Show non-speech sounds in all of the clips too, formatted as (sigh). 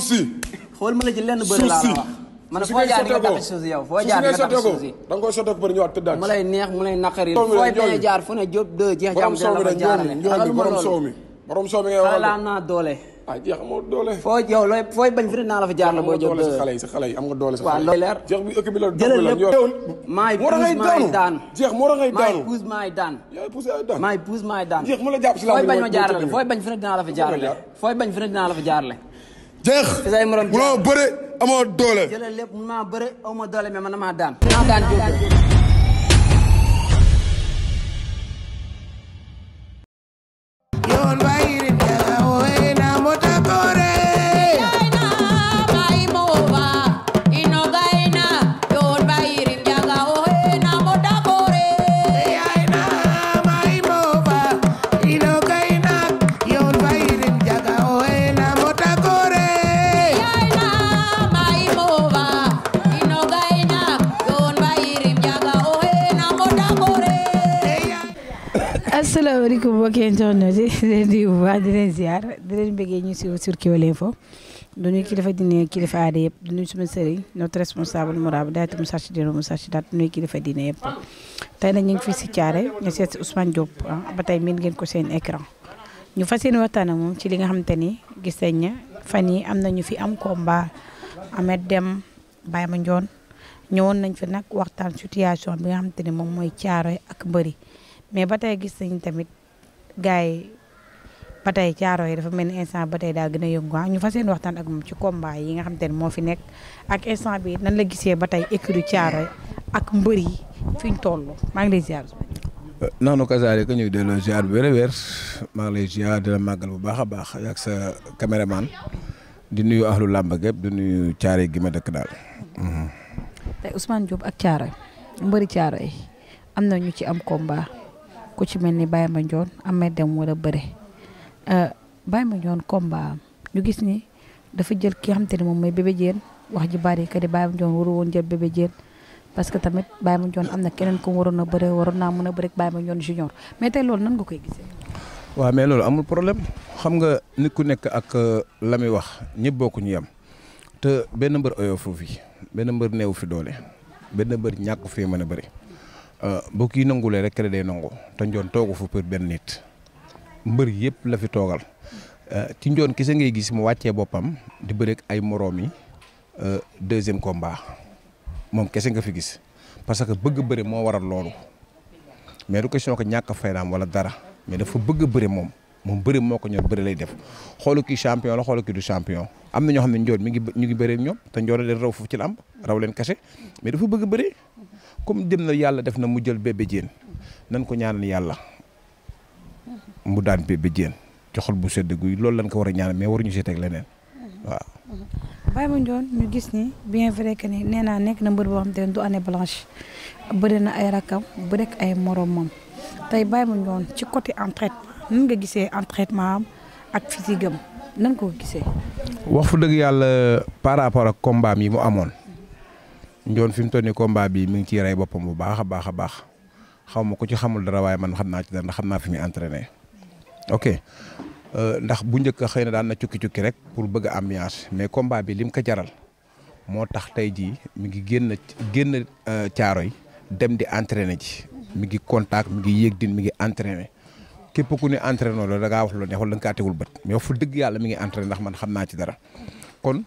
suuf si. xool ma la ci lenn bëri laa la wax. man foo jaar nga tax suuf si yow foo jaar nga tax suuf si. da nga koy sotteeku ba ñëwaat tëddaat mu lay neex mu lay naqari. fooy bañ a jaar fu ne Diop de jeex jàmm dina ah, la fa jaarale. xalaat la fa jaarale maay puus maay daan fooy bañ ma jaarale fooy bañ fi dinaa la fa jaarale la jeex munoo bëre amoo doole. jëlal lépp mun maa bëre aw ma doole mais man maa daan. maa daan jóg. yoon bàyyi asalaamaaleykum mbokki internet yi di leen di bu baax di leen ziar di leen bëggee ñu si sur Kewel Info dañuy kilifa diine kilifa aada yëpp di nuyu suma sëriñ notre responsable moral daal di mu sàcc di mu sàcc daal di kilifa diine yëpp tey nag ñu ngi fii si Thiaré ñu seet si Ousmane Diop ah, ba tey miin ngeen ko seen écran ñu fas yéene waxtaan ak moom ci li nga xamante ni gis nañ ne fan yi am nañu fi am combat Ameth Dème Baye Mandione ñëwoon nañ fi nag waxtaan situation bi nga xamante ni moom mooy Thiaré ak mbëri. mais ba tey gis nañ tamit gars yi ba tey caaro yi dafa mel ni instant ba tey daa gën a yëngu ah, ñu fas yéene waxtaan ak moom ci combat yi nga xam te moo fi nekk ak instant bi nan la gisee ba tey écurie caaro yi ak mbër yi fi ñu maa ngi lay ziar. Euh, noonu kasaare ko ñuy delloo ziar bu wér maa ngi lay ziar di màggal bu baax a baax ak sa caméraman di nuyu ahlu làmb gépp di caare gi dëkk daal. ak caaro yi mbëri caaro yi am na ñu ci am combat. ku ci mel ni ma Mandione Ameth dem war a bëre euh, Baye Mandione combat ñu gis ni dafa jël ki nga xamante ne moom mooy Bébé Diène wax ji bari que ni Baye Mandione waru woon jël Bébé Diène parce que tamit Baye Mandione am na keneen ku waroon a bëre waroon naa mën a bëre ak Baye Mandione junior mais tey loolu nan nga koy gisee. waaw mais loolu amul problème xam nga nit ku nekk ak euh, la muy wax ñëpp bokku ñu yem te benn mbër oyoo foofu yi benn mbër neewu fi doole benn bër ñàkk fee mën a bëri. Euh, bu kii nangulee rek kër day nangu te njoon toogu fu pour benn nit mbër yëpp la fi toogal euh, ci njoon kese ngay gis mu wàccee boppam di bëreek ay moroom yi euh, deuxième combat moom kese nga fi gis parce que bëgg bëri moo waral loolu mais du question ko ñàkk faydaam wala dara mais dafa bëgg bëri moom moom bëri moo ko ñor bëri lay def xoolu kii champion la xoolu kii du champion am na ñoo xam ne njoon mi ngi ñu ngi bëri ñoom te njoon leen raw foofu ci la am raw leen comme dem na yàlla def na mu jël bébé jéen nan ko ñaanal yàlla mu daan bébé jéen ci xol bu sedd guy loolu lañ ko war a ñaanal mais ñu si teg leneen waaw. Baye Mandione ñu gis ni bien vrai que ni nee naa nekk na mbër boo xam te ne du année blanche bëri na ay rakam bu rek ay moromam tey Baye Mandione ci côté entraînement nan nga gisee entraînement am ak physique am nan ko gisee. wax fu dëgg yàlla par rapport ak combat yi mu amoon. njoon fi mu toll nii combat bi mi ngi ciy rey boppam bu baax a baax a baax xaw ma ku ci xamul dara waaye man xam naa ci dara ndax xam naa fi muy entraîné ok euh, ndax bu njëkk xëy na daan na cukki-cukki rek pour bëgg a mais combat bi lim ko jaral moo tax tey jii mi ngi génn génn euh, caaro yi dem di entraîné ji mi ngi contact mi ngi yéeg din mi ngi entraîné képp ku ne entraîné loolu da ngaa wax lu neex wala da nga kaa tegul fu dëgg yàlla mi ngi entraîné ndax man xam naa ci dara kon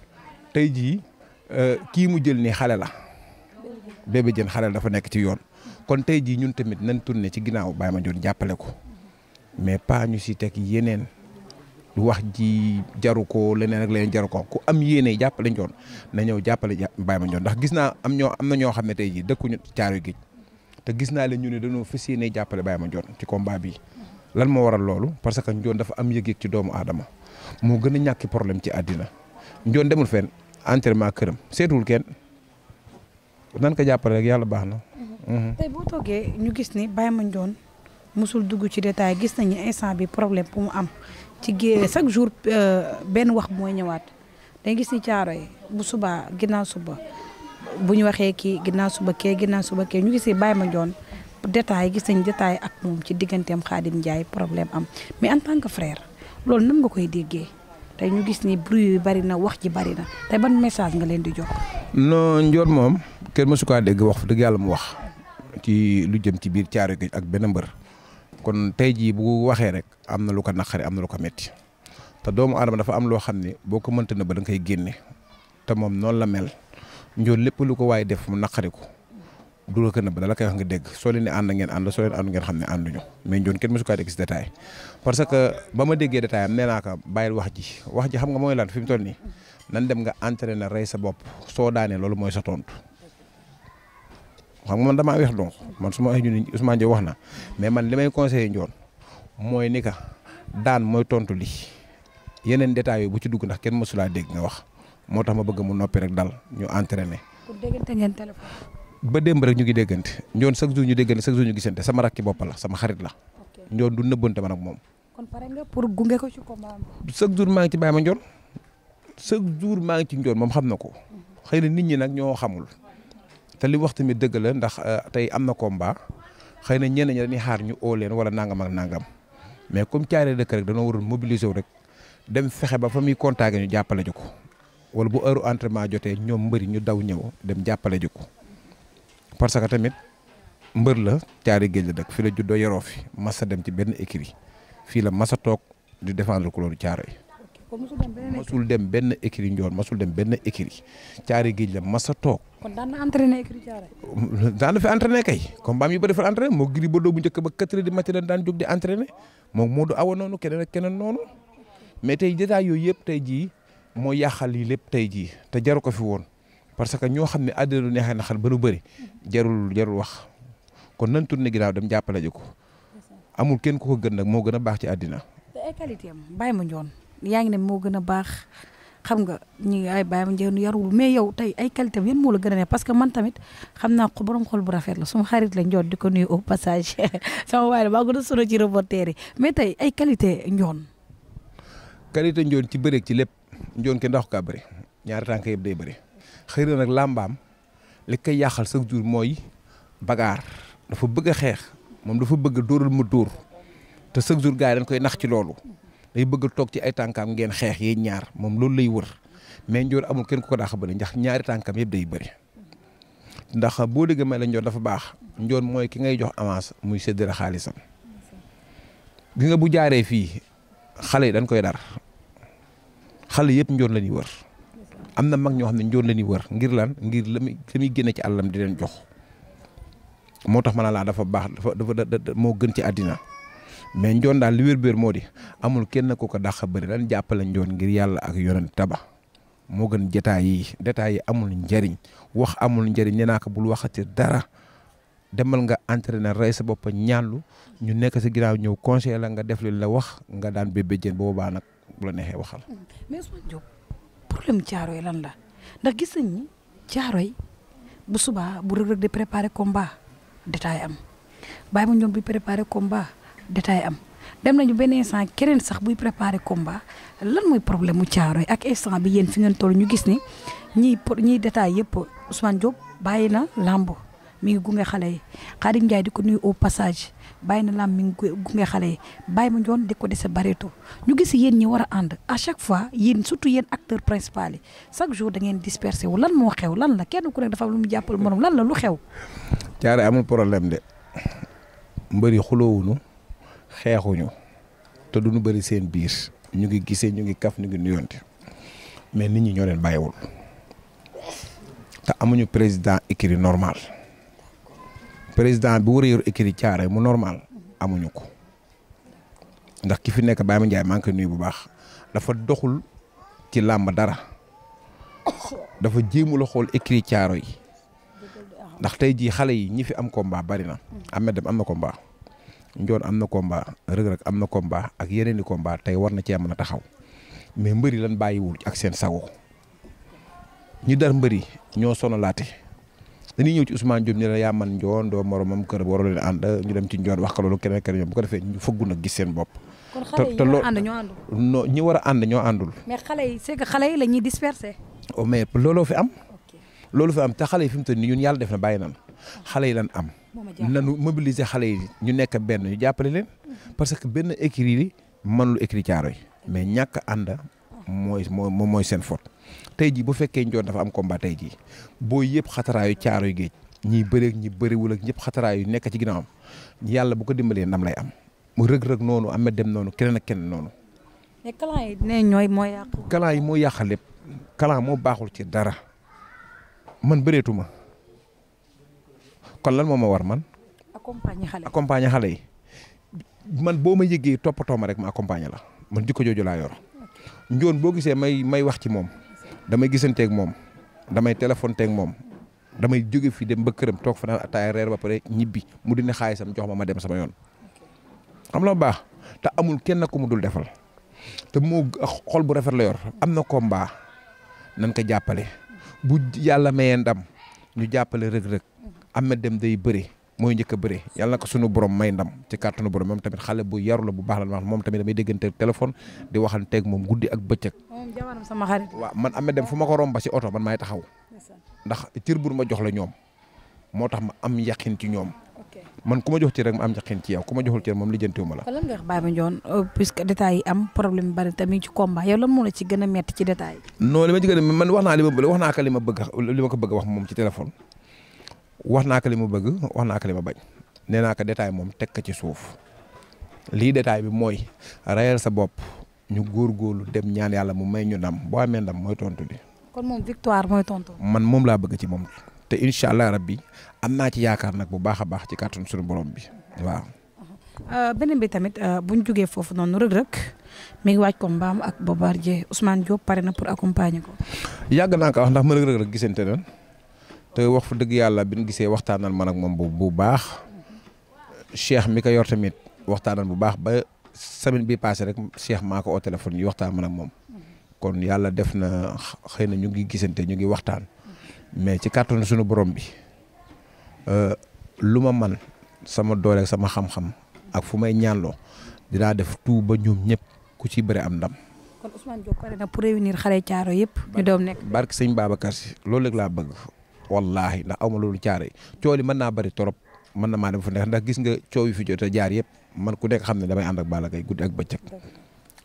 tey jii euh, kii mu jël ni xale la Bébé Diène xarel dafa nekk ci yoon kon tey jii ñun tamit nañ tourné ci ginnaaw Baye Mandione jàppale ko mais pas ñu si teg yeneen wax ji jaru ko leneen rek leneen jaru ko ku am yéene jàppale Ndione na ñëw jàppale Baye Mandione ndax gis naa am ñoo am na ñoo xam ne tey jii dëkkuñu caaru géej te gis naa leen ñu ne dañoo fas yéene jàppale Baye Mandione ci combat bi lan moo waral loolu parce que njoon dafa am yëg-yëg ci doomu aadama moo gën a ñàkki problème ci àddina njoon demul fen entraînement këram seetul kenn. nan ko jàppale rek yàlla baax na. Mhm. tey boo toogee ñu gis ni Baye Mandione musul dugg ci détail gis nañu instant bi problème bu mu am ci géej chaque jour euh, benn wax mooy ñëwaat dañ gis ni caaro yi bu suba ginnaaw suba bu ñu waxee kii ginnaaw suba kee ginnaaw suba kee ñu gis ni Baye Mandione détail gis nañ détail ak moom ci digganteem Khadim Ndiaye problème am mais en tant que frère loolu nan nga koy déggee tey ñu gis ni bruit yi bari na wax ji bari na tey ban message nga leen di jox. non njoon moom kenn mësu kaa dégg wax dëgg yàlla mu wax ci lu jëm ci biir caaro gi ak benn mbër kon tey jii bu waxee rek am na lu ko naqari am na lu ko metti te doomu aadama dafa am loo xam ne boo ko mënta na ba da koy génne te moom noonu la mel Ndiol lépp lu ko waaye def mu naqari ko du la ko nëbb dala koy wax nga dégg soo leen di ànd ngeen ànd soo leen ànd ngeen xam ne ànduñu mais Ndiol kenn mësu kaa dégg si détail parce que ba ma déggee détail am nee naa ko bàyyil wax ji wax ji xam nga mooy lan fi mu toll nii nan dem nga entraîné rey sa bopp soo daanee loolu mooy sa tontu xam nga dama damaa weex donc man su ma ñu Ousmane Diop wax na mais man li may conseillé njoon mooy ni ka daan mooy tontu li yeneen détails yi bu ci dugg ndax kenn mësulaa dégg nga wax moo tax ma bëgg mu noppi rek daal ñu entraîné. pour déggante ngeen téléphone. ba démb rek ñu ngi déggante njoon chaque jour ñu déggante chaque jour ñu gisante sama rakki bopp la sama xarit la njoon du nëbbante man ak moom. kon ko ci jour maa ngi ci bàyyi ma chaque jour maa ngi ci njoon moom xam na ko xëy na nit ñi nag ñoo xamul te li wax tamit dëgg la ndax euh, tey am na ko combat xëy na ñenn ñi dañuy xaar ñu oo leen wala nangam ak nangam mais comme caare dëkk rek dañoo waroon mobiliser wu rek dem fexe ba fa muy contacté ñu jàppale ji ko wala bu heure entraînement jotee ñoom mbëri ñu daw ñëw dem jàppale ji ko parce que tamit mbër la caari géej la dëkk fii la juddoo yoroo fi masa dem ci benn écrit fii la masa toog di défendre couleur caaro yi masul dem benn écrit njoon masul dem benn écrit caari géej la masa toog. kon daan na entraîné écrit caare. daan na fi entraîné kay comme baam yi ba defar entraîné moo giri ba doo bu jëkk ba quatre heures du daan jóg di entraîné moom moo du awa noonu keneen ak noonu mais tey jotaay yooyu yëpp tey jii moo yàqal yi lépp tey jii te jaru ko fi woon parce que ñoo xam ne àddina du neexee naxal ba lu bëri jarul jarul wax kon nan tourné gi daaw dem jàppale ji ko amul kenn ku ko gën nag moo gën a baax ci àddina. te ay qualité yaa ngi ne moo gën a baax xam nga ñu ay bàyyi ma njëriñ yarul mais yow tey ay qualité bi yan moo la a ne parce que man tamit xam naa ko borom xol bu rafet la suma xarit la njoon di ko nuyu au passage (laughs) sama waay la maa gën a sonn ci reporter mais tey ay qualité njoon. qualité njoon ci bëreek ci lépp njoon ke ndax kaa bëri ñaari tànk yëpp day bëri xëy na nag làmbaam li koy yàqal chaque jour mooy bagaar dafa bëgg xeex moom dafa bëgg a mu ma te chaque jour gaa yi dañ koy nax ci loolu. day bëgg a toog ci ay tànkaam ngeen xeex yi ñaar moom loolu lay wër mais njoor amul kenn ku ko daax bëri ndax ñaari tànkaam yëpp day bëri ndax boo déggee may la dafa baax njoor mooy ki ngay jox avance muy séddale xaalisam gi bu jaaree fii xale yi dañ koy dar xale yëpp njoor la ñuy wër am na mag ñoo xam ne njoor la ñuy wër ngir lan ngir la muy génn ci àllam di leen jox moo tax ma ne laa dafa baax dafa dafa moo gën ci àddina mais njoon daal li wér-wér moo di amul kenn ku ko dàq bëri lan jàppale njoon ngir yàlla ak yonent taba moo gën détails yi détails yi amul njëriñ wax amul njëriñ nee naa ko bul waxati dara demal nga entraîner rey sa bopp ñàllu ñu nekk si ginnaaw ñëw conseil la nga def li la wax nga daan bébé jën boobaa nag bu la neexee waxal. Mm. problème caaro yi lan la ndax gis nañ ni caaro yi bu subaa bu rëg rëg di préparer combat détail am bàyyi ma ñoom détail am dem nañu benn instant keneen sax buy préparer combat lan mooy problème mu Thiaroye ak instant bi yéen fi ngeen toll ñu gis ni ñiy ñiy détail yëpp Ousmane Diop bàyyi na làmb mi gunge xale yi Khadim Ndiaye di ko nuyu au passage bàyyi na làmb mi ngi gunge xale yi bàyyi ma njoon di ko dese bareetu ñu gis yéen ñi war a ànd à chaque fois yéen surtout yéen acteur principal yi chaque jour da ngeen dispersé wu lan moo xew lan la kenn ku nekk dafa am lu jàppal morom lan la lu xew. Thiaroye amul problème de mbëri xeexuñu te duñu bëri seen biir ñu ngi gisee ñu ngi kaf ñu ngi nuyonte mais nit ñi ñoo leen bàyyiwul te amuñu président écurie normal président bi war a yor écurie Thiaroye mu normal amuñu ko ndax ki fi nekk Baye Mandiaye maa ngi koy nuyu bu baax dafa doxul ci làmb dara dafa jéemul a xool écurie caaro yi ndax tey jii xale yi ñi fi am combat bari na. Ahmed Deme am na ko combat. njoon am na combat rëg rek am na combat ak yeneen i combat tey war na cee mën a taxaw mais mbëri lan bàyyiwul ak seen sago ñu dar mbëri ñoo sonalaate dañuy ñëw ci Ousmane Diop ñu ne yaa man njoon doo moromam kër waroo leen ànd ñu dem ci njoon wax ko loolu bu ko defee ñu fëggu nag gis seen bopp. kon xale yi ñoo ànd ñoo àndul war a ànd àndul. mais xale yi c'est que xale yi oh, mais looloo fi am. loolu fi am te xale yi fi mu toll nii ñun yàlla def na bàyyi nan xale yi lan am nanu mobiliser xale yi ñu nekk benn ñu jàppale leen mm-hmm. parce que benn écrit yi mënul écrit caaro yi mais ñàkk ànd mooy moom mooy seen faute tey jii bu fekkee njoon dafa am komba tey jii boo yëpp xataraayu caaro yu géej ñiy bëreeg ñi bëriwul ak ñëpp xataraayu nekk ci ginnaawam yàlla bu ko dimbalee ndam lay am mu rëg-rëg noonu am na dem noonu keneen ak keneen noonu. mais kalan yi kalan yi moo yàq lépp kalan moo baaxul ci dara man bëreetuma kon lan moo ma war man. accompagner xale accompagner xale yi. man boo ma yëgee toppatoo ma rek ma accompagner la man jikko jooju laa yor. njoon boo gisee may may wax ci moom. damay gisanteeg moom. damay téléphonteeg moom. damay jóge fi dem ba këram toog fa naan ataaya reer ba pare ñibbi mu dina xaalisam jox ma ma dem sama yoon. xam la baax te amul kenn ku mu dul defal. te mu ah, xol bu rafet la yor am na combat nan ko jàppale bu yàlla mayee dam ñu jàppale rëg-rëg am Ahmed dem day bëri mooy njëkk a bëri yàlla na ko sunu borom may ndam ci kàttanu borom moom tamit xale bu yaru la bu baax la wax moom tamit damay déggante téléphone di waxanteeg moom guddi ak bëccëg. moom jabaram sama xarit. waaw man Ahmed fu ma ko romba si oto man maay taxaw. ndax cër bu ma jox la ñoom moo tax ma am yaqin ci ñoom. man ku ma jox ci rek ma am yaqin ci yow ku ma joxul ci moom lijjantiwuma la. lan nga euh, am problème bari tamit ci combat yow lan moo la ci gën a métti ci détails yi. non ma ci a man wax naa li ma wax wax moom ci téléphone wax naa ko li ma bëgg wax naa ko li ma bañ nee naa ko détail moom teg ko ci suuf lii détail bi mooy rayal sa bopp ñu góor góorgóorlu dem ñaan yàlla mu may ñu ndam boo amee ndam mooy tontu li. kon moom victoire mooy tontu. man moom laa bëgg ci moom te incha allah rabbi am naa ci yaakaar nag bu baax a baax ci kàttan suñu borom bi waaw. Uh-huh. Uh, beneen bi tamit uh, bu ñu jógee foofu noonu Reug Reug mi ngi waaj ko mbaam ak Bombardier Ousmane Diop pare na pour accompagner ko. yàgg naa ko wax ndax ma Reug gisante na. te wax fa dëgg yàlla bi ñu gisee waxtaanal man ak moom bu bu baax cheikh mi ko yor tamit waxtaanal bu baax ba semaine bi passé rek cheikh maa ko au téléphone yi waxtaan man ak moom kon yàlla def na xëy na ñu ngi gisante ñu ngi waxtaan mais ci kàttanu sunu borom bi euh, lu ma man sama doole sama xam-xam ak fu may ñaanloo dinaa def tout ba ñoom ñëpp ku ci bëri am ndam. kon Ousmane Diop pare loolu rek laa bëgg. wallaahi ndax aw ma loolu caare coow li mën naa bari trop mën na maa dem fu neex ndax gis nga coow yi fi jot a jaar yëpp man ku nekk xam ne damay ànd ak Balla Gaye guddi ak bëccëg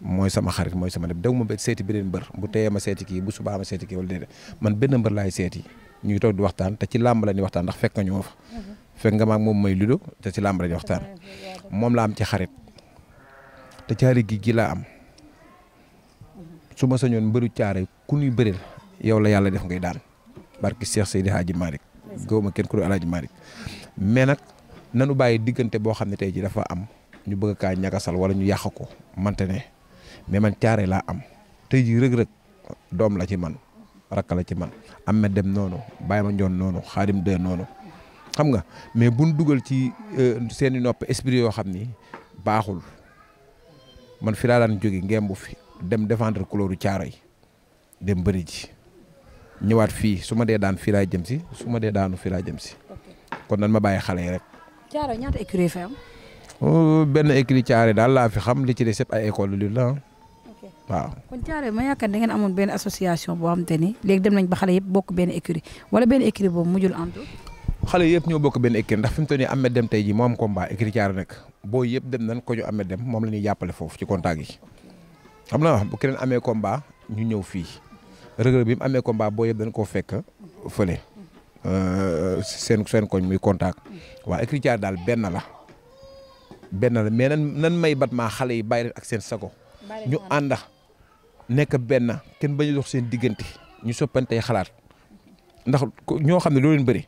mooy sama xarit mooy sama dem daw ma seeti beneen mbër bu teyee ma seeti kii bu subaa ma seeti kii wala man benn mbër laay seet ñu ngi toog di waxtaan te ci làmb la ñuy waxtaan ndax fekk nga ñoo fa fekk nga maag moom may ludo te ci làmb la ñuy waxtaan moom laa am ci xarit te caari gi gi laa am su ma sañoon mbëru caare ku ñuy bëril yow la yàlla def ngay daan barki Cheikh Seydi Hadji Malick gëwuma kenn ku dul Alaaji Malick mais nag nanu bàyyi diggante boo xam ne tey ji dafa am ñu bëgg kaa ñagasal wala ñu yàq ko mante ne mais man caare laa am tey ji rëg-rëg doom la ci man rakk la ci man am na dem noonu bàyyi ma njoon noonu xaadim de noonu xam nga mais buñ dugal ci euh, seen i nopp esprit yoo xam ni baaxul man fi laa daan jóge ngembu fi dem défendre couleuru caaro yi dem bëri ji ñëwaat fii su ma dee daan fii laa jëm si su ma dee daanu fii laa jëm si. kon nan ma bàyyi xale yi rek. Thiaroye ñaata écurie fa am. Oh, benn écurie Thiaroye daal laa fi xam li ci des yëpp ay école li la waaw. kon Thiaroye ma yaakaar da ngeen amoon association boo xam te ni léegi dem nañ ba xale yëpp bokk benn écurie wala benn écurie boobu mujjul antu. xale yëpp ñoo bokk benn écurie ndax fi mu toll nii Ahmed dem tey jii moom am combat écurie Thiaroye boo yëpp dem nañ ko ñu Ahmed dem moom la ñuy jàppale foofu ci contact yi xam na bu keneen amee combat ñu ñëw fii rëg-rëg bi mu amee ko combat boo yëpp dañ koo fekk fële euh, seen seen koñ muy contact waa écriture daal benn la benn la mais nan nan may bat maa xale yi bàyyi leen ak seen sago ñu ànda nekk benn kenn bañu dox seen diggante ñu soppantey xalaat ndax ñoo xam ne doo leen bëri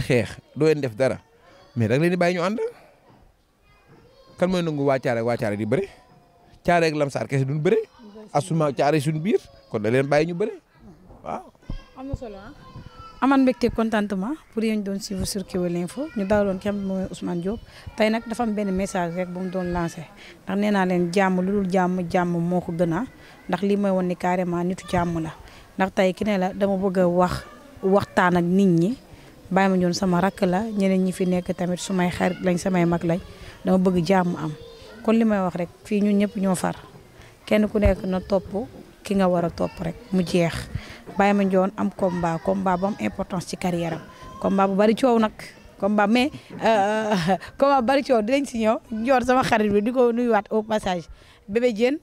xeex doo leen def dara mais da nga leen di bàyyi ñu ànd kan mooy nangu waa caare waa caare di bëri caare lamsaar kese duñ bëri asuma caare suñ biir kon da leen bàyyi ñu bëre waaw. am na solo ah. aman mbégte contentement pour yéen doon suivre sur Kewel Info ñu daaloon kenn xam mooy Ousmane Diop tey nag dafa am benn message rek bu mu doon lancé ndax nee naa leen jàmm lu dul jàmm jàmm moo ko gën ndax lii mooy woon ni carrément nitu jàmm la ndax tey ki ne la dama bëgg a wax waxtaan ak nit ñi bàyyi sama rakk la ñeneen ñi fi nekk tamit sumay xarit lañ samay mag lañ dama bëgg jàmm am kon li may wax rek fii ñu ñëpp ñoo far kenn ku nekk na topp ki nga war a topp rek mu jeex Baye Mandione am combat combat bu am importance ci carrière am combat bu bari coow nag combat mais euh, (laughs) combat bu bari coow dinañ si ñëw njoor sama xarit bi di ko nuyuwaat au passage bébé Diène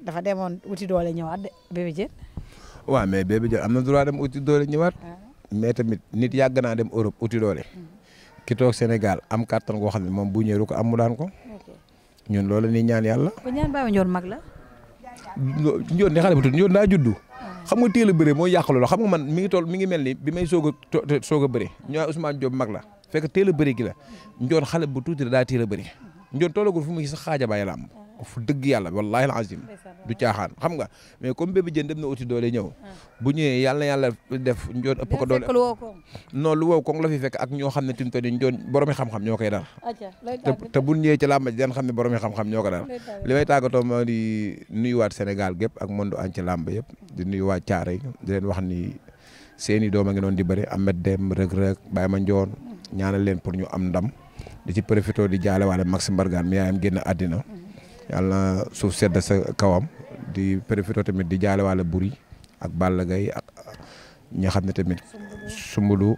dafa demoon uti doole ñëwaat de bébé Diène. waaw mais bébé Diène am na droit dem uti doole ñëwaat. Ah. mais tamit nit yàgg naa dem Europe uti doole. Hmm. ki toog Sénégal am kattan goo xam ne moom bu ñëwee ko am mu daan ko. ñun loolu la ñaan yàlla. njoon ne xale bu tudd njoon daa juddu xam nga teel a bëre mooy yàq loolu xam nga man mi ngi toll mi ngi mel ni bi may soog a soog a bëre ñoo Ousmane mag la fekk teel a bëre gi la njoon xale bu tuuti daa teel a bëre njoon tollagul fu mu xaaja xaajabaay làmb fu dëgg yàlla wallaahi alazim du caaxaan xam nga mais comme bébé jën dem na uti doole ñëw ah. bu ñëwee yàlla na yàlla def njoon ëpp ko doole non lu wow koŋ la fi fekk ak ñoo xam ne tim to ni njoon boroomi xam-xam ñoo koy daal te bu ñëwee ci làmb ji xam ne boroomi xam-xam ñoo ko daal li may tàggatoo di nuyuwaat Sénégal gépp ak mondo an ci làmb yëpp di nuyuwaat caare di leen wax ni seeni doom a ngi noonu di bëri Ahmed Dem Reug Reug Baye ma njoon mm. ñaana leen pour ñu am ndam di ci profité di jaale waale Max Mbargane mi yaayam génn àddina mm. yàlla suuf sedd sa kawam di profité tamit di jaale waale Boury ak Balla Gaye ak ñi xam ne tamit Soumboulou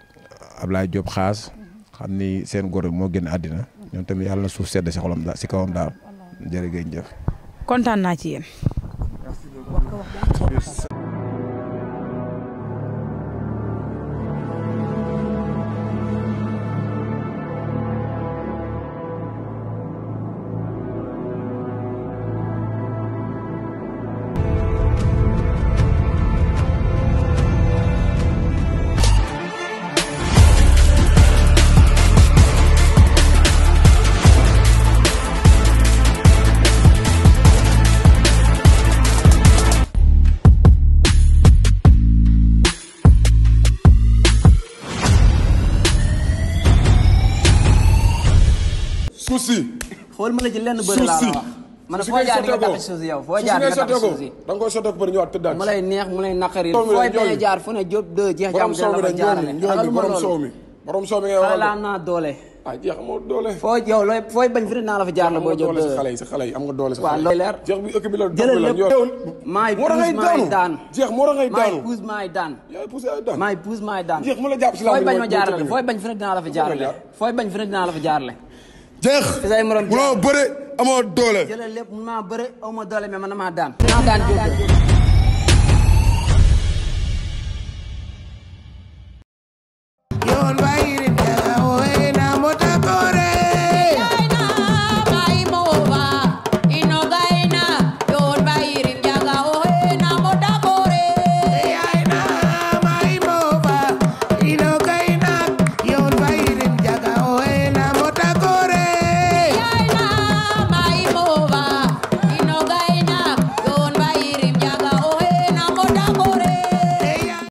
Ablaye Diop xaas xam ni seen góor moo gën àddina ñoom tamit yàlla suuf sedd si xolam daal si kawam daal jërë ngeen suuf si. xool ma la ci lenn bëri laa la wax. man foo jaar nga tax suuf si yow foo jaar nga tax suuf si. da nga koy sotteeku ba ñëwaat mu lay neex mu lay naqari. fooy bañ a jaar fu ne ah, la fa jaarale. la fa nga doole sa xale yi. waaw jeex da ngay daanu maay puus maay daan. yaay mu la jàpp dinaa la fa jaarale la jeex munoo bëre amoo doole. jëlal lépp mun maa bëre aw ma doole mais man damaa daan. daan